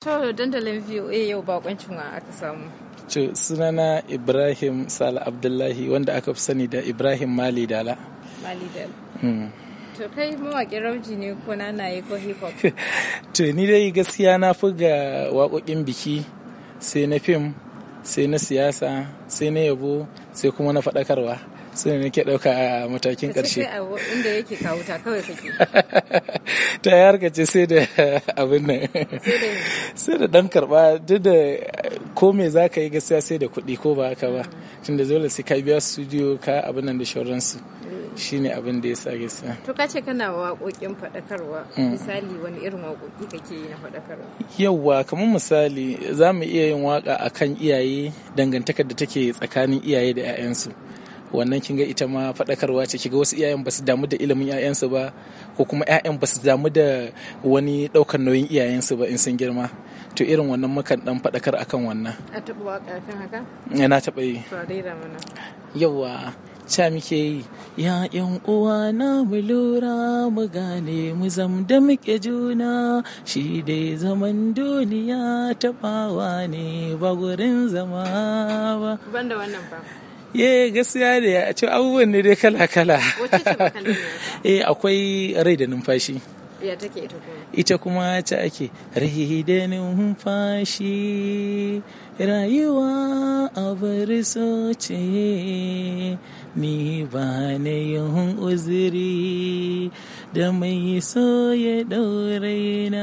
To dandalin VOA yau bakoncin wa aka samu. To sunana Ibrahim Sala Abdullahi wanda aka fi sani da Ibrahim Mali Dala. Mali Dala. Hmm. To kai mawaƙin rauji ne ko na, na yi ko hip hop? To ni dai gaskiya na fi ga waƙoƙin biki sai na fim sai na siyasa sai na yabo sai kuma na faɗakarwa. sai ne ke ɗauka a matakin ƙarshe inda yake kawo ta kawai kake ta yi harkace sai da abin nan sai da ɗan karɓa duk da ko me za ka yi gaskiya sai da kuɗi ko ba haka ba tun da dole sai ka biya studio ka abin nan da shauransu eh. shine abin da ya sa gaskiya. To ka ce kana waƙoƙin faɗakarwa mm. misali wani irin waƙoƙi kake yi na faɗakarwa? Yawwa kamar misali za mu iya yin waƙa akan iyaye dangantakar da take tsakanin iyaye da 'ya'yansu. wannan kinga ita ma faɗakarwa ce kiga wasu iyayen ba su damu da ilimin 'ya'yansu ba ko kuma 'ya'yan ba su damu da wani ɗaukar nauyin iyayensu ba in sun girma to irin wannan mukan dan faɗakar akan wannan a taɓa waƙa kafin haka eh, na taɓa yi yawa ca muke yi ya yan uwa na mu lura mu gane mu zam da muke juna shi dai zaman duniya taɓawa ne ba gurin zama ba banda wannan ba ye eh, gaskiya ne a ce abubuwan ne dai kala-kala eh akwai rai da numfashi ita kuma ta ake rai da numfashi rayuwa a bari ce ni ba na yin uziri da mai so ya ɗaure na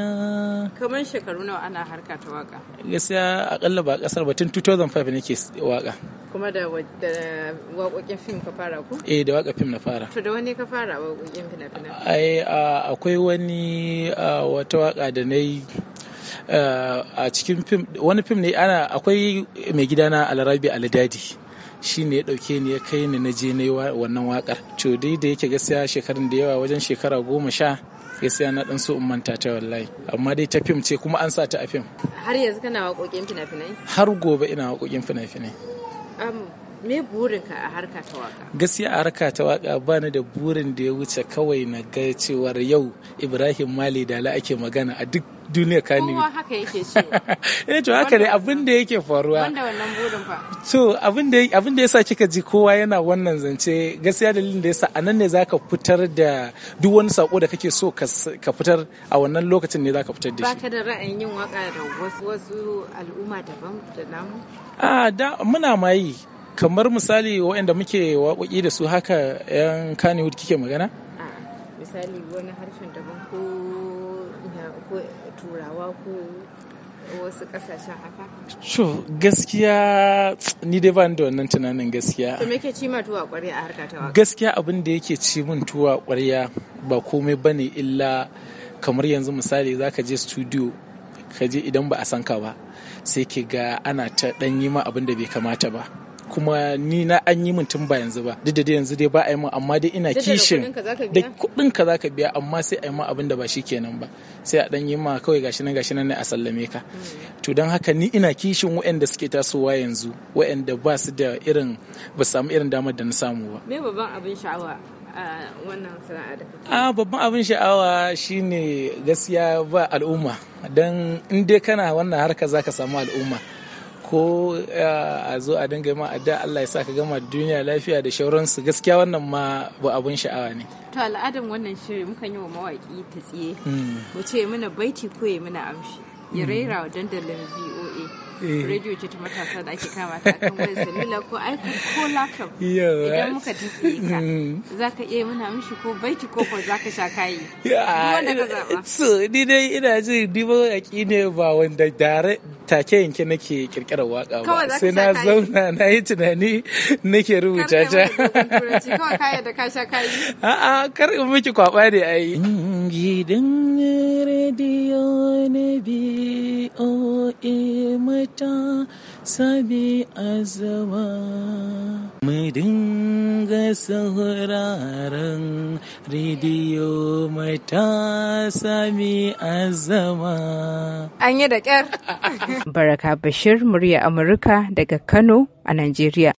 kamar shekaru nawa ana harka ta waka gaskiya akalla ba kasar batun 2005 nake waka kuma da waƙoƙin fim ka fara ku? eh da waƙa fim na fara to da wani ka fara waƙoƙin fina-fina ai akwai wani wata waƙa da na yi a cikin fim wani fim ne ana akwai mai gidana alarabi aladadi shi ne ya ɗauke ni ya kai ni na je na yi wannan waƙar to dai da yake gaskiya shekarun da yawa wajen shekara goma sha gaskiya na dan so in manta ta wallahi amma dai ta fim ce kuma an sa ta a fim har yanzu kana waƙoƙin fina-finai har gobe ina waƙoƙin fina-finai me a harka ta waka gaskiya a harka ta waka ba ni da burin da ya wuce kawai na ga cewar yau ibrahim mali dala ake magana a duk duniya ne. kowa haka yake ce. eh to haka ne abin da yake faruwa wanda wannan burin fa To abin da abin da yasa kika ji kowa yana wannan zance gaskiya dalilin da yasa anan ne zaka fitar da duk wani sako da kake so ka fitar a wannan lokacin ne zaka fitar da shi baka da ra'ayin yin waka da wasu wasu al'umma daban da namu a da muna ma yi kamar misali waɗanda muke waƙoƙi da su haka 'yan kaniwood kike magana? misali wani harshen daban ko turawa ko wasu kasashen haka? Sho gaskiya ni dai ba da wannan tunanin gaskiya. Kuma yake ci ma tuwa ƙwarya a harka ta Gaskiya abin da yake ci min tuwa ƙwarya ba komai ba ne illa kamar yanzu misali za ka je studio ka je idan ba a san ka ba sai ke ga ana ta ɗan yi ma abin da bai kamata ba. kuma ni na an yi mutum tun ba yanzu ba duk da yanzu dai ba a yi min amma dai ina kishin da kudin ka zaka biya amma sai a yi ma abin da ba shi kenan ba sai a dan yi ma kawai gashi nan gashi nan ne a sallame ka hmm. to don haka ni ina kishin waɗanda suke tasowa yanzu waɗanda ba su da irin ba samu irin damar da na samu ba me babban abin sha'awa a wannan da a babban abin sha'awa shine gaskiya ba al'umma don in dai kana wannan harka zaka samu al'umma ko eh, a zo a dinga ma da Allah ya sa ka gama duniya lafiya da shauransu gaskiya wannan ma ba abun sha'awa ne to al'adan wannan shirin muka yi wa mawaki ta tsiye hmm. mu ce mana baiti ko ya mana amshi ya hmm. raira wa dandalin biyu Eh. radio ce ta matasa da ake kama ta kan wani salula ko ipad ko laptop idan muka tafi ka mm. za ka iya muna mishi ko baiti ko ko za ka sha kayi wanda ka zaba so ni dai ina ji ni ba aki ne ba wanda dare take yanke nake kirkirar waka ba sai na zauna na yi tunani nake rubuta ja kawai kaya ka sha kayi a'a kar in miki kwaba ne ai gidan DOA mata sabi azawa. Mu dinga sauraron rediyo mata sami azawa. An da kyar Baraka Bashir, murya Amurka daga Kano a Najeriya.